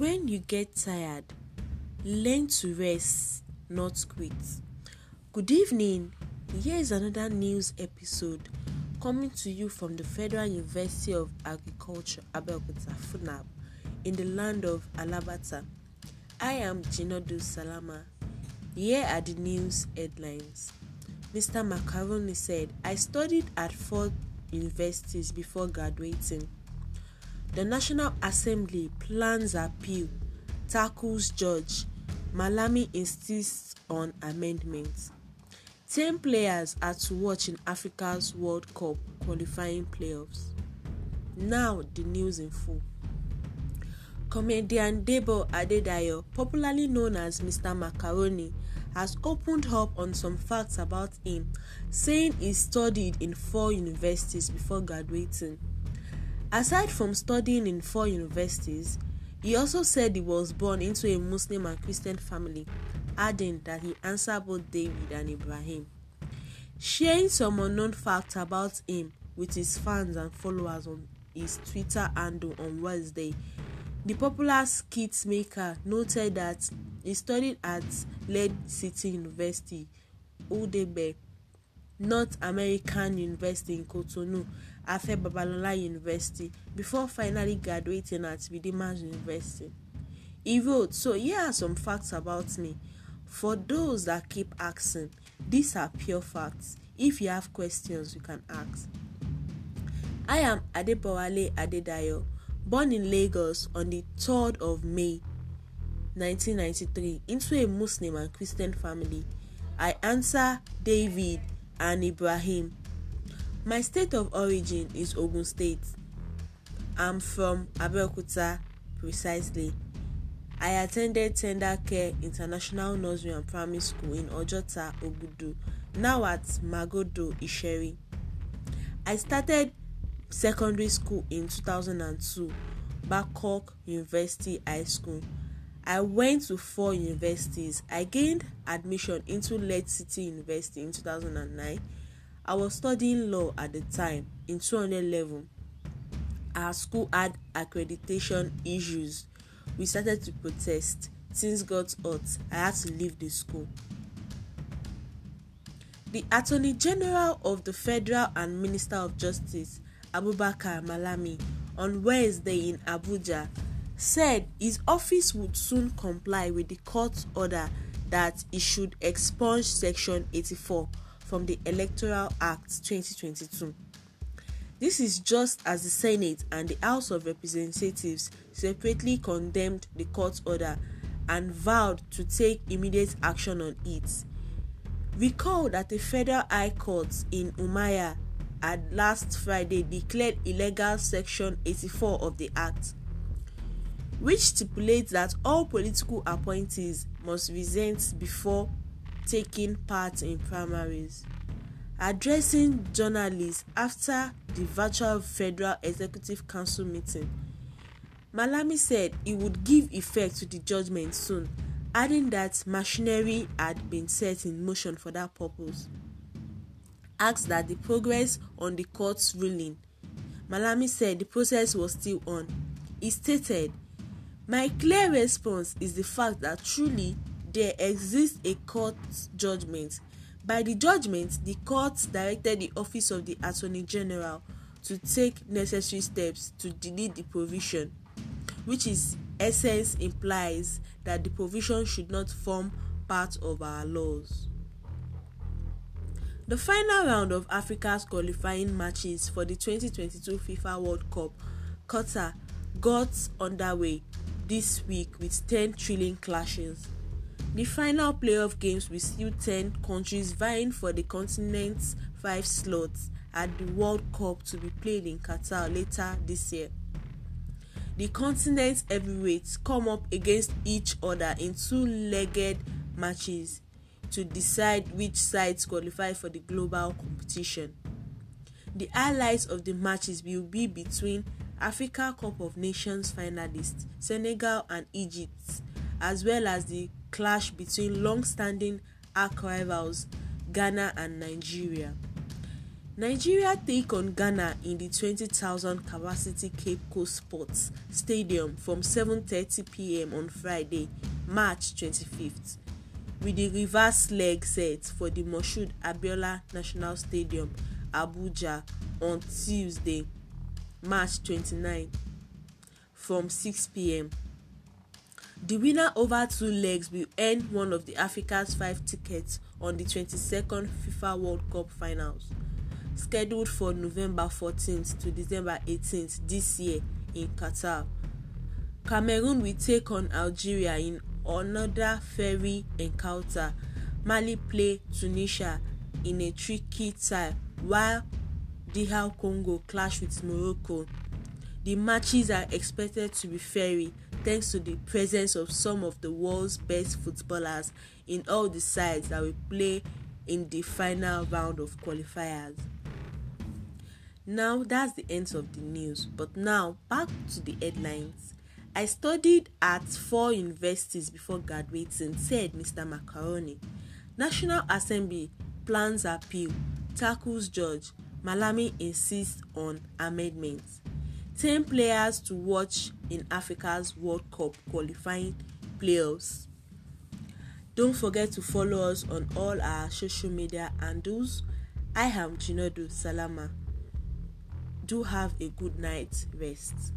When you get tired, learn to rest, not quit. Good evening. Here is another news episode coming to you from the Federal University of Agriculture, Abeokuta, Funab, in the land of Alabata. I am Jinodu Salama. Here are the news headlines. Mr. Macaroni said, I studied at four universities before graduating. The National Assembly plans appeal, tackles judge, Malami insists on amendments. 10 players are to watch in Africa's World Cup qualifying playoffs. Now, the news in full. Comedian Debo Adedayo, popularly known as Mr. Macaroni, has opened up on some facts about him, saying he studied in four universities before graduating. Aside from studying in four universities, he also said he was born into a Muslim and Christian family, adding that he answered both David and Ibrahim. Sharing some unknown facts about him with his fans and followers on his Twitter handle on Wednesday, the popular skit maker noted that he studied at Lead City University, Udebe, North American University in Cotonou (Afe Babalola University) before finally graduating at Redeemer's University. He wrote, So here are some facts about me. For those that keep asking, these are pure facts. If you have questions, you can ask. I am Adebowale Adedayo, born in Lagos on the third of May 1993 into a Muslim and Christian family. I answer David and Ibrahim. My state of origin is Ogun State. I'm from Abeokuta precisely. I attended Tender Care International Nursery and Primary School in Ojota, Ogudu, now at Magodo, Isheri. I started secondary school in 2002, Babcock University High School. I went to four universities. I gained admission into Lead City University in 2009. I was studying law at the time in 2011. Our school had accreditation issues. We started to protest. Things got hot. I had to leave the school. The Attorney General of the Federal and Minister of Justice, Abubakar Malami, on Wednesday in Abuja said his office would soon comply with the court's order that it should expunge Section 84 from the Electoral Act 2022. This is just as the Senate and the House of Representatives separately condemned the court's order and vowed to take immediate action on it. Recall that the Federal High Court in Umaya had last Friday declared illegal Section 84 of the Act which stipulates that all political appointees must resign before taking part in primaries. Addressing journalists after the virtual Federal Executive Council meeting, Malami said he would give effect to the judgment soon, adding that machinery had been set in motion for that purpose. Asked that the progress on the court's ruling, Malami said the process was still on. He stated my clear response is the fact that truly there exists a court judgment. By the judgment, the court directed the Office of the Attorney General to take necessary steps to delete the provision, which is essence implies that the provision should not form part of our laws. The final round of Africa's qualifying matches for the 2022 FIFA World Cup Qatar got underway this week with 10 thrilling clashes. The final playoff games will see 10 countries vying for the continent's five slots at the World Cup to be played in Qatar later this year. The continent's heavyweights come up against each other in two legged matches to decide which sides qualify for the global competition. The highlights of the matches will be between Africa Cup of Nations finalists Senegal and Egypt, as well as the clash between long-standing arch rivals Ghana and Nigeria. Nigeria take on Ghana in the 20,000 capacity Cape Coast Sports Stadium from 7:30 p.m. on Friday, March 25th, with the reverse leg set for the Moshood Abiola National Stadium, Abuja on Tuesday. March 29, from 6 p.m. The winner over two legs will earn one of the Africa's five tickets on the 22nd FIFA World Cup finals, scheduled for November 14th to December 18th this year in Qatar. Cameroon will take on Algeria in another fairy encounter. Mali play Tunisia in a tricky tie, while DR Congo clash with Morocco. The matches are expected to be fairy thanks to the presence of some of the world's best footballers in all the sides that will play in the final round of qualifiers. Now that's the end of the news, but now back to the headlines. I studied at four universities before graduating, said Mr. Macaroni. National Assembly plans appeal, tackles judge, Malami insists on amendments 10 players to watch in Africa's World Cup qualifying playoffs. Don't forget to follow us on all our social media handles. I am Jinodu Salama. Do have a good night rest.